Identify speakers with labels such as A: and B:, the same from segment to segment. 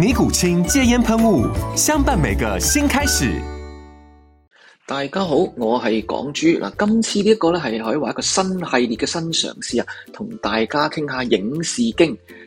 A: 尼古清戒煙噴霧，相伴每個新開始。大家好，我係港豬嗱，今次呢一個咧係可以話一個新系列嘅新嘗試啊，同大家傾下影視經，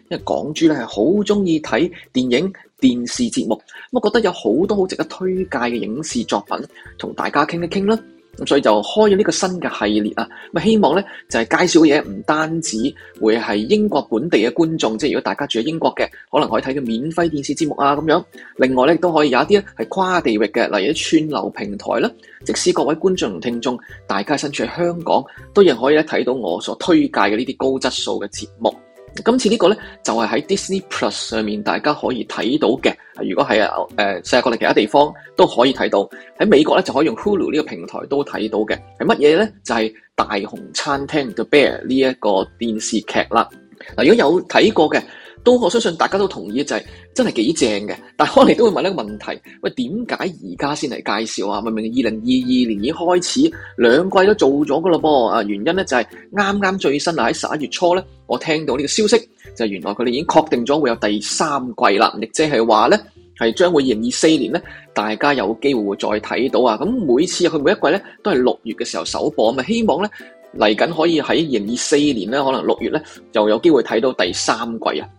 A: 因為港豬咧係好中意睇電影、電視節目，咁我覺得有好多好值得推介嘅影視作品，同大家傾一傾啦。咁所以就開咗呢個新嘅系列啊，咁希望咧就係、是、介紹嘅嘢唔單止會係英國本地嘅觀眾，即係如果大家住喺英國嘅，可能可以睇到免費電視節目啊咁樣，另外咧亦都可以有一啲咧係跨地域嘅，例如啲串流平台啦，即使各位觀眾同聽眾大家身處喺香港，都亦可以睇到我所推介嘅呢啲高質素嘅節目。今次個呢個咧就係、是、喺 Disney Plus 上面大家可以睇到嘅，如果係啊、呃、世界各地其他地方都可以睇到，喺美國咧就可以用 Hulu 呢個平台都睇到嘅，係乜嘢咧？就係、是《大熊餐廳》The Bear 呢一個電視劇啦。嗱，如果有睇過嘅，都我相信大家都同意嘅就係、是、真係幾正嘅。但我哋都會問一個問題，喂，點解而家先嚟介紹啊？明明二零二二年已經開始兩季都做咗㗎喇。噃啊！原因咧就係啱啱最新啊喺十一月初咧，我聽到呢個消息就係、是、原來佢哋已經確定咗會有第三季啦，亦即係話咧係將會二零二四年咧，大家有機會會再睇到啊！咁每次去每一季咧都係六月嘅時候首播，咪希望咧嚟緊可以喺二零二四年咧可能六月咧就有機會睇到第三季啊！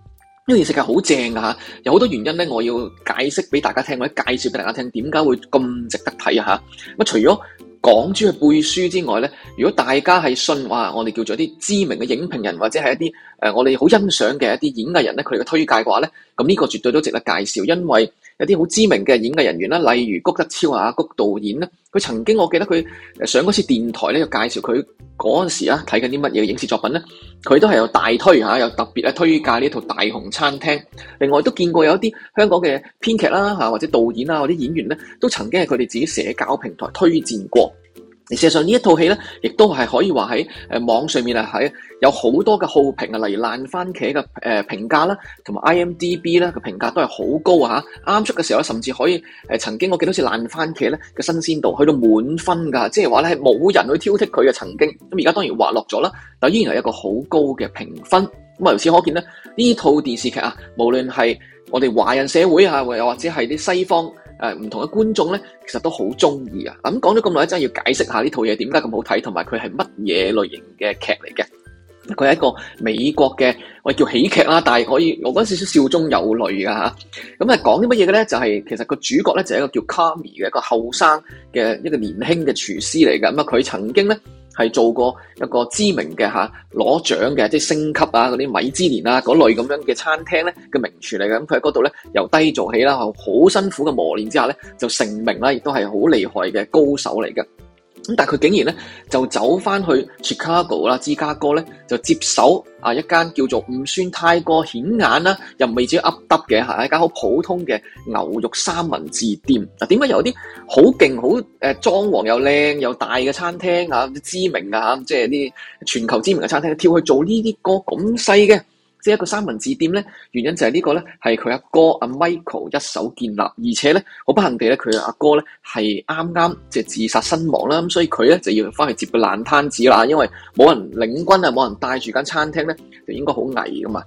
A: 呢件事係好正㗎吓，有好多原因咧，我要解釋俾大家聽，或者介紹俾大家聽，點解會咁值得睇啊吓？咁除咗講書背書之外咧，如果大家係信話我哋叫做一啲知名嘅影評人，或者係一啲誒我哋好欣賞嘅一啲演藝人咧，佢哋嘅推介嘅話咧，咁呢個絕對都值得介紹，因為。有啲好知名嘅演藝人員啦，例如谷德昭啊、谷導演啦，佢曾經我記得佢上嗰次電台咧，就介紹佢嗰陣時啊睇緊啲乜嘢影視作品咧，佢都係有大推嚇，有特別咧推介呢套《大熊餐廳》。另外都見過有一啲香港嘅編劇啦或者導演啊或者演員咧，都曾經係佢哋自己社交平台推薦過。事實上呢一套戲咧，亦都係可以話喺誒網上面啊，喺有好多嘅好評啊，例如爛番茄嘅誒評價啦，同埋 IMDB 咧嘅評價都係好高吓。啱出嘅時候甚至可以誒曾經我見到似爛番茄咧嘅新鮮度去到滿分噶，即係話咧係冇人去挑剔佢嘅曾經。咁而家當然滑落咗啦，但依然係一個好高嘅評分。咁由此可見咧，呢套電視劇啊，無論係我哋華人社會啊，或或者係啲西方。誒，唔同嘅觀眾咧，其實都好中意啊！咁講咗咁耐，真係要解釋下呢套嘢點解咁好睇，同埋佢係乜嘢類型嘅劇嚟嘅？佢係一個美國嘅，喂叫喜劇啦，但係可以我嗰陣時笑中有淚噶嚇。咁啊，講啲乜嘢嘅咧？就係、是、其實個主角咧就係、是、一個叫卡 a 嘅一個後生嘅一個年輕嘅廚師嚟嘅。咁啊，佢曾經咧。係做過一個知名嘅，吓，攞獎嘅，即係星級啊，嗰啲米芝蓮啊嗰類咁樣嘅餐廳咧嘅名廚嚟嘅，咁佢喺嗰度咧由低做起啦，好辛苦嘅磨練之下咧就成名啦，亦都係好厲害嘅高手嚟嘅。咁但係佢竟然咧就走翻去 Chicago 啦，芝加哥咧就接手啊一間叫做唔算太過顯眼啦，又唔係至於噏噏嘅嚇，一間好普通嘅牛肉三文治店。嗱，點解有啲好勁好誒裝潢又靚又大嘅餐廳啊、啲知名啊，即係啲全球知名嘅餐廳，跳去做呢啲個咁細嘅？即係一個三文治店咧，原因就係呢個咧係佢阿哥阿 Michael 一手建立，而且咧好不幸地咧，佢阿哥咧係啱啱即係自殺身亡啦，咁所以佢咧就要翻去接個爛攤子啦，因為冇人領軍啊，冇人帶住間餐廳咧，就應該好危噶嘛。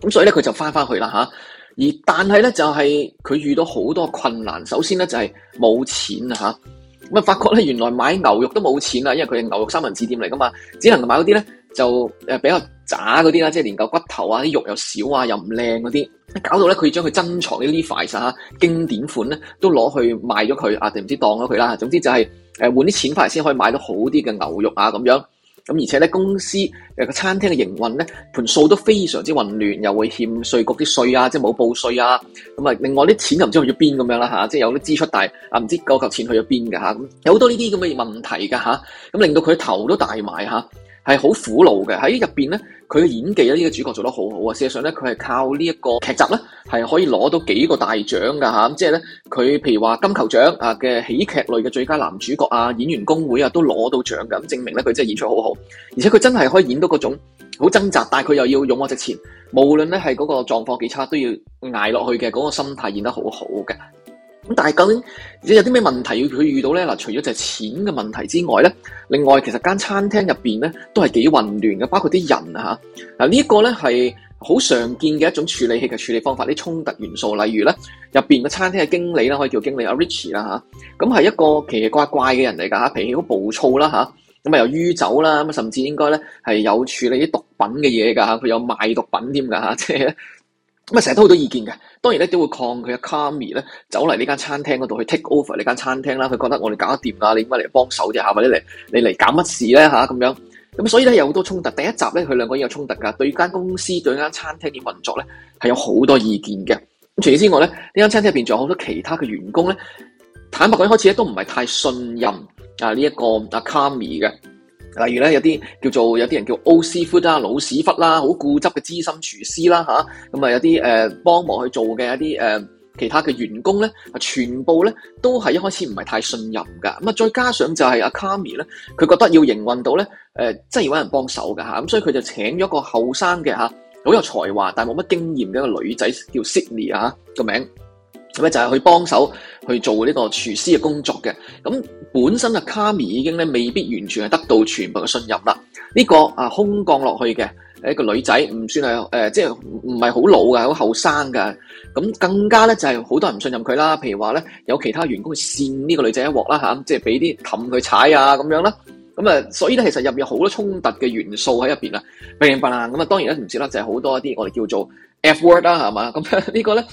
A: 咁所以咧佢就翻翻去啦吓、啊。而但係咧就係、是、佢遇到好多困難，首先咧就係、是、冇錢啊吓。咁啊發覺咧原來買牛肉都冇錢啦，因為佢係牛肉三文治店嚟噶嘛，只能買嗰啲咧。就誒比較渣嗰啲啦，即係連嚿骨頭啊，啲肉又少啊，又唔靚嗰啲，搞到咧佢要將佢珍藏呢啲 Levi's 嚇經典款咧，都攞去賣咗佢啊，定唔知當咗佢啦。總之就係誒換啲錢翻嚟先可以買到好啲嘅牛肉啊咁樣。咁而且咧公司誒個餐廳嘅營運咧盤數都非常之混亂，又會欠稅局啲稅啊，即係冇報稅啊。咁啊，另外啲錢又唔知去咗邊咁樣啦吓，即係有啲支出大，但係啊唔知嗰嚿錢去咗邊嘅嚇，有好多呢啲咁嘅問題嘅吓，咁、啊、令到佢頭都大埋嚇。啊係好苦惱嘅，喺入邊咧，佢嘅演技咧呢個主角做得好好啊！事實上咧，佢係靠呢一個劇集咧，係可以攞到幾個大獎噶吓、嗯，即係咧佢譬如話金球獎啊嘅喜劇類嘅最佳男主角啊，演員工會啊都攞到獎咁，證明咧佢真係演出好好，而且佢真係可以演到嗰種好掙扎，但係佢又要勇往直前，無論咧係嗰個狀況幾差，都要捱落去嘅，嗰個心態演得好好嘅。咁但係究竟即有啲咩問題要佢遇到咧？嗱，除咗就係錢嘅問題之外咧，另外其實間餐廳入面咧都係幾混亂嘅，包括啲人啊嚇。嗱呢個咧係好常見嘅一種處理器嘅處理方法，啲衝突元素，例如咧入面個餐廳嘅經理啦，可以叫經理阿 Richie 啦嚇。咁係、嗯、一個奇奇怪怪嘅人嚟噶嚇，脾氣好暴躁啦嚇。咁啊，嗯、又酗酒啦，咁甚至應該咧係有處理啲毒品嘅嘢噶嚇，佢有賣毒品添噶、啊、即係。咁啊，成日都好多意見嘅。當然咧，都會抗拒阿卡米咧走嚟呢間餐廳嗰度去 take over 呢間餐廳啦。佢覺得我哋搞得掂啦，你點解嚟幫手啫？嚇，或者嚟你嚟搞乜事咧？吓，咁樣。咁所以咧，有好多衝突。第一集咧，佢兩個人有衝突噶，對間公司對間餐廳嘅運作咧係有好多意見嘅。咁除此之外咧，呢間餐廳入邊仲有好多其他嘅員工咧，坦白講，開始咧都唔係太信任啊呢一個阿卡米嘅。例如咧，有啲叫做有啲人叫 Old Seafood 啦、老屎忽啦，好固執嘅資深廚師啦吓，咁啊有啲誒幫忙去做嘅一啲誒其他嘅員工咧，全部咧都係一開始唔係太信任噶。咁啊，再加上就係阿 Carmy 咧，佢覺得要營運到咧誒，真係要搵人幫手噶吓，咁所以佢就請咗一個後生嘅吓，好有才華但係冇乜經驗嘅一個女仔叫 Sydney 啊，個名。咁咧就係去幫手去做呢個廚師嘅工作嘅，咁本身啊卡米已經咧未必完全係得到全部嘅信任啦，呢個啊空降落去嘅一個女仔，唔算係誒，即係唔係好老嘅，好後生噶，咁更加咧就係好多人唔信任佢啦，譬如話咧有其他員工去扇呢個女仔一鑊啦吓，啊，即係俾啲氹佢踩啊咁樣啦，咁啊所以咧其實入面有好多衝突嘅元素喺入邊啊，明唔明啊？咁啊當然咧唔少啦，就係好多一啲我哋叫做 F word 啦，係嘛？咁呢個咧。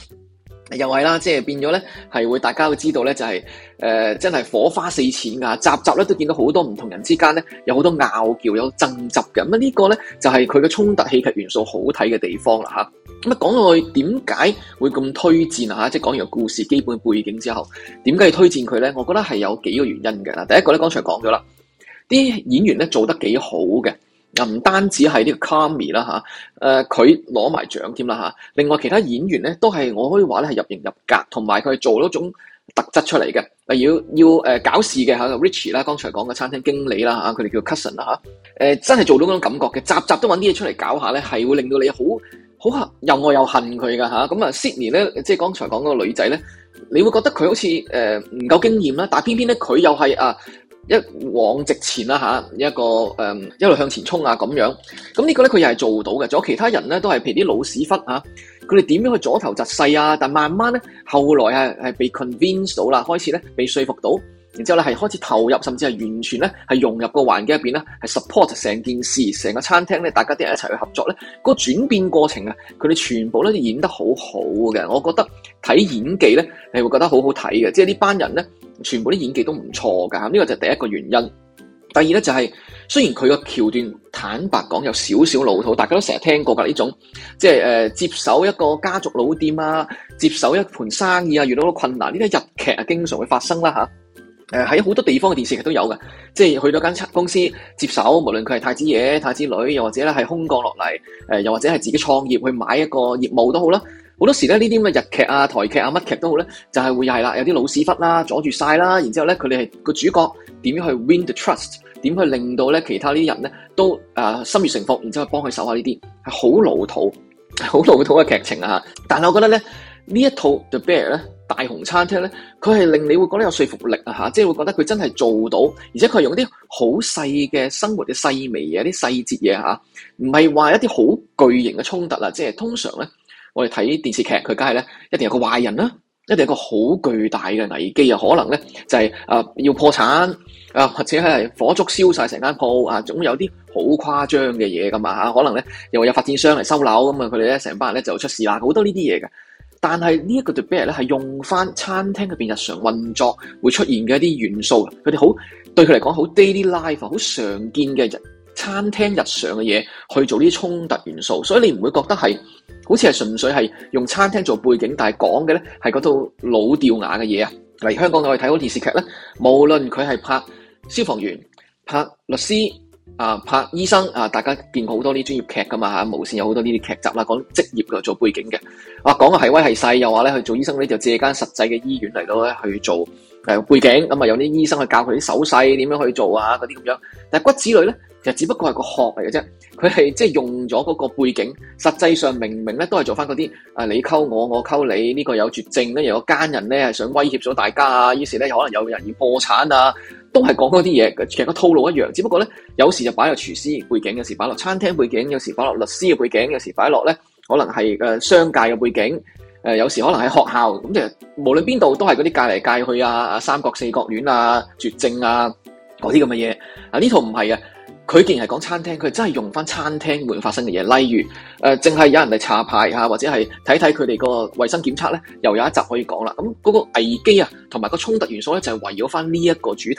A: 又係啦，即係變咗咧，係會大家都知道咧，就係、是、誒、呃，真係火花四濺啊。集集咧都見到好多唔同人之間咧有好多拗撬，有爭執嘅。咁、嗯、啊、這個、呢個咧就係佢嘅衝突戲劇元素好睇嘅地方啦，吓咁啊、嗯、講到去點解會咁推薦啊？吓即係講完故事基本背景之後，點解要推薦佢咧？我覺得係有幾個原因嘅啦。第一個咧，剛才講咗啦，啲演員咧做得幾好嘅。唔、啊、單止係呢個卡米啦嚇，佢攞埋獎添啦嚇。另外其他演員咧都係我可以話咧係入型入格，同埋佢係做咗種特質出嚟嘅，要要、呃、搞事嘅嚇。Richie、啊、啦，剛才講嘅餐廳經理啦嚇，佢哋叫 Cousin 啦、啊、嚇、呃，真係做到嗰種感覺嘅，集集都搵啲嘢出嚟搞下咧，係會令到你好好又愛又恨佢噶嚇。咁啊 Sydney 咧，即係剛才講嗰個女仔咧，你會覺得佢好似誒唔夠經驗啦，但係偏偏咧佢又係啊～一往直前啦吓，一個誒、嗯、一路向前衝啊咁樣，咁、這個、呢個咧佢又係做到嘅。仲有其他人咧都係譬如啲老屎忽啊佢哋點樣去阻頭阻勢啊，但慢慢咧，後來係係被 convince 到啦，開始咧被說服到，然之後咧係開始投入，甚至係完全咧係融入個環境入邊咧，係 support 成件事，成個餐廳咧，大家啲人一齊去合作咧。個轉變過程啊，佢哋全部咧演得好好嘅。我覺得睇演技咧，你會覺得好好睇嘅。即係呢班人咧。全部啲演技都唔錯㗎，呢、這個就係第一個原因。第二呢，就係、是，雖然佢個橋段坦白講有少少老土，大家都成日聽過㗎呢種，即係、呃、接手一個家族老店啊，接手一盤生意啊，遇到好多困難，呢啲日劇啊經常會發生啦、啊、嚇。誒喺好多地方嘅電視劇都有嘅，即係去到間公司接手，無論佢係太子爺、太子女，又或者咧係空降落嚟，誒、呃、又或者係自己創業去買一個業務都好啦。好多時咧，呢啲咁嘅日劇啊、台劇啊、乜劇都好咧，就係、是、會係啦，有啲老屎忽啦，阻住晒啦。然之後咧，佢哋係個主角點樣去 win the trust，點去令到咧其他呢啲人咧都啊心悅誠服，然之後幫佢守下呢啲係好老土，好老土嘅劇情啊。但係我覺得咧呢一套 The Bear 咧大熊餐廳咧，佢係令你會覺得有說服力啊。嚇，即係會覺得佢真係做到，而且佢係用啲好細嘅生活嘅細微嘢、啲細節嘢嚇，唔係話一啲好巨型嘅衝突啦，即係通常咧。我哋睇電視劇，佢梗係咧，一定有個壞人啦，一定有個好巨大嘅危機啊！可能咧就係、是、啊、呃、要破產啊，或者係火燭燒晒成間鋪啊，總有啲好誇張嘅嘢噶嘛嚇！可能咧又話有發展商嚟收樓咁啊，佢哋咧成班人咧就出事啦，好多呢啲嘢嘅。但係、er、呢一個特別咧係用返餐廳入邊日常運作會出現嘅一啲元素，佢哋好對佢嚟講好 daily life 好常見嘅人，餐廳日常嘅嘢去做啲衝突元素，所以你唔會覺得係好似係純粹係用餐廳做背景，但係講嘅咧係嗰套老掉牙嘅嘢啊。如香港我哋睇好電視劇咧，無論佢係拍消防員、拍律師啊、拍醫生啊，大家見過好多啲專業劇噶嘛嚇，無線有好多呢啲劇集啦、啊，講職業嘅做背景嘅。啊講嘅係威係細，又話咧去做醫生咧就借間實際嘅醫院嚟到咧去做背景咁啊，有啲醫生去教佢啲手勢點樣去做啊嗰啲咁樣。但係骨子裏咧。其實只不過係個殼嚟嘅啫，佢係即係用咗嗰個背景，實際上明明咧都係做翻嗰啲啊，你溝我，我溝你呢個有絕症咧，有個奸人咧係想威脅咗大家啊，於是咧可能有人要破產啊，都係講嗰啲嘢，其實個套路一樣。只不過咧，有時就擺落廚師背景，有時擺落餐廳背景，有時擺落律師嘅背景，有時擺落咧可能係誒商界嘅背景。誒，有時可能喺學校咁，其實無論邊度都係嗰啲介嚟介去啊，啊，三角四角戀啊，絕症啊，嗰啲咁嘅嘢。啊，呢套唔係嘅。佢竟然係講餐廳，佢真係用返餐廳會發生嘅嘢，例如誒，淨、呃、係有人嚟查牌嚇，或者係睇睇佢哋個衞生檢測呢，又有一集可以講啦。咁嗰個危機呀、啊，同埋個衝突元素呢就係圍繞返呢一個主題。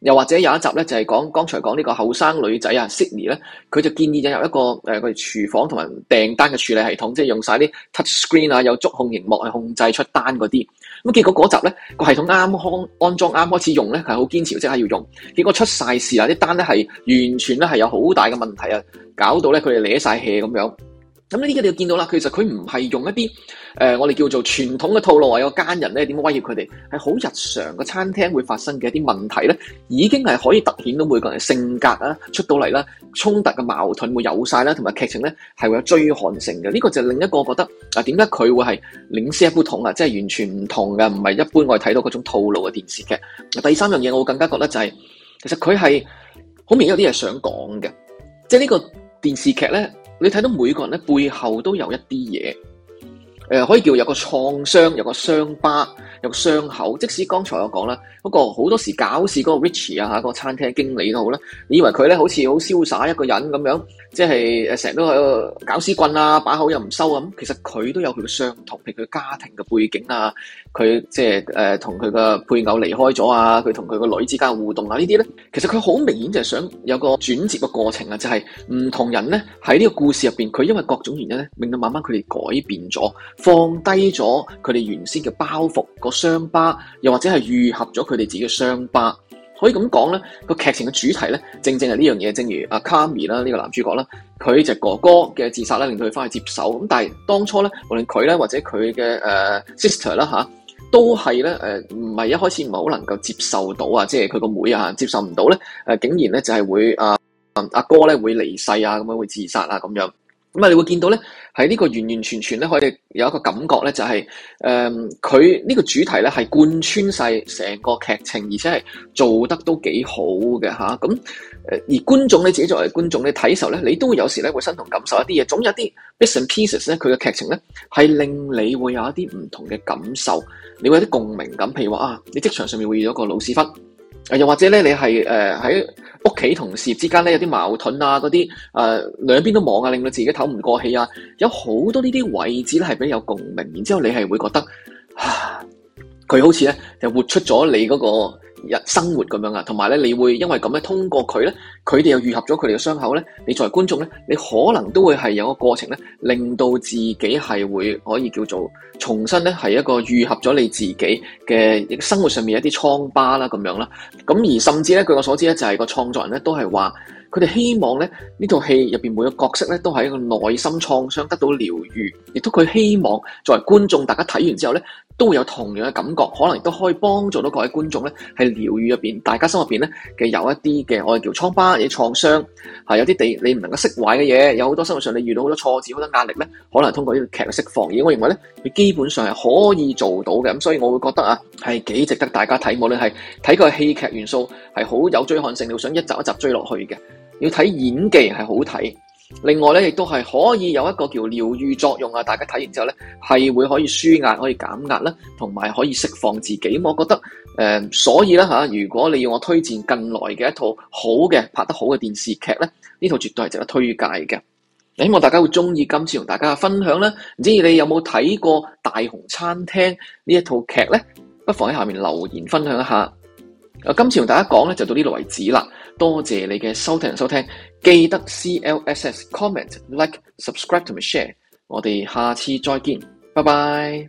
A: 又或者有一集咧，就係、是、講剛才講呢個後生女仔啊，Sydney 咧，佢就建議引入一個誒佢哋、呃、廚房同埋訂單嘅處理系統，即係用晒啲 touch screen 啊，有觸控螢幕去控制出單嗰啲。咁結果嗰集咧，個系統啱啱安裝啱開始用咧，係好堅持即刻要用。結果出晒事啊，啲單咧係完全咧係有好大嘅問題啊，搞到咧佢哋攣晒氣咁樣。咁呢啲你要見到啦，其實佢唔係用一啲誒、呃，我哋叫做傳統嘅套路啊，有個奸人咧點樣威脅佢哋，係好日常嘅餐廳會發生嘅一啲問題咧，已經係可以突顯到每個人嘅性格啦、啊，出到嚟啦，衝、啊、突嘅矛盾會有晒啦，同埋劇情咧係會有追寒性嘅。呢、這個就另一個我覺得啊，點解佢會係領先一煲桶啊，即係完全唔同嘅，唔係一般我哋睇到嗰種套路嘅電視劇、啊。第三樣嘢我更加覺得就係、是，其實佢係好明顯有啲嘢想講嘅，即係呢個電視劇咧。你睇到每個人咧，背後都有一啲嘢。誒、呃、可以叫有個創傷，有個傷疤，有個傷口。即使剛才我講啦，嗰、那個好多時搞事嗰個 Richie 啊嚇，嗰、那個餐廳經理都好呢，你以為佢咧好似好瀟灑一個人咁樣，即係誒成日都搞屎棍啊，把口又唔收咁。其實佢都有佢嘅傷痛，譬如佢家庭嘅背景啊，佢即係誒同佢嘅配偶離開咗啊，佢同佢個女之間互動啊呢啲咧，其實佢好明顯就係想有個轉折嘅過程啊，就係、是、唔同人咧喺呢個故事入邊，佢因為各種原因咧，令到慢慢佢哋改變咗。放低咗佢哋原先嘅包袱，個傷疤，又或者係癒合咗佢哋自己嘅傷疤，可以咁講咧個劇情嘅主題咧，正正係呢樣嘢。正如阿 Kami 啦，呢個男主角啦，佢隻哥哥嘅自殺咧，令到佢翻去接手咁。但係當初咧，無論佢咧或者佢嘅誒 sister 啦吓，都係咧誒唔係一開始唔係好能夠接受到啊，即係佢個妹啊接受唔到咧誒，竟然咧就係會啊啊阿哥咧會離世啊，咁樣會自殺啊咁樣咁啊，你會見到咧。喺呢個完完全全咧，可以有一個感覺咧，就係，就係誒佢呢個主題咧，係貫穿晒成個劇情，而且係做得都幾好嘅咁，啊、而觀眾你自己作為觀眾你睇時候咧，你都會有時咧會身同感受一啲嘢，總有啲 bits and pieces 咧，佢嘅劇情咧係令你會有一啲唔同嘅感受，你會有啲共鳴感。譬如話啊，你職場上面會遇到一個老屎忽。又或者咧，你係誒喺屋企同事業之間咧有啲矛盾啊，嗰啲誒兩邊都忙啊，令到自己唞唔過氣啊，有好多呢啲位置咧係比較有共鳴，然之後你係會覺得啊～佢好似咧就活出咗你嗰個日生活咁樣啊，同埋咧你會因為咁樣通過佢咧，佢哋又愈合咗佢哋嘅傷口咧，你作為觀眾咧，你可能都會係有個過程咧，令到自己係會可以叫做重新咧係一個愈合咗你自己嘅生活上面一啲瘡疤啦咁樣啦，咁而甚至咧據我所知咧就係個創作人咧都係話。佢哋希望咧呢套戲入邊，每個角色咧都係一個內心創傷得到療愈，亦都佢希望作為觀眾，大家睇完之後咧都會有同樣嘅感覺，可能亦都可以幫助到各位觀眾咧喺療愈入邊，大家心入邊咧嘅有一啲嘅我哋叫瘡疤嘅創傷，創傷有啲地你唔能夠釋懷嘅嘢，有好多生活上你遇到好多挫折、好多壓力咧，可能通過呢套劇嘅釋放，而我認為咧，佢基本上係可以做到嘅，咁所以我會覺得啊，係幾值得大家睇，無論係睇個戲劇元素。係好有追看性，你想一集一集追落去嘅，要睇演技係好睇。另外咧，亦都係可以有一個叫療愈作用啊！大家睇完之後咧，係會可以舒壓、可以減壓啦，同埋可以釋放自己。我覺得誒、呃，所以啦，吓、啊，如果你要我推薦近來嘅一套好嘅、拍得好嘅電視劇咧，呢套絕對係值得推介嘅。希望大家會中意今次同大家分享啦。唔知你有冇睇過《大熊餐廳》呢一套劇呢？不妨喺下面留言分享一下。啊，今次同大家講咧就到呢度為止啦，多謝你嘅收聽收聽，記得 CLSS Comment Like Subscribe 同 Share，我哋下次再見，拜拜。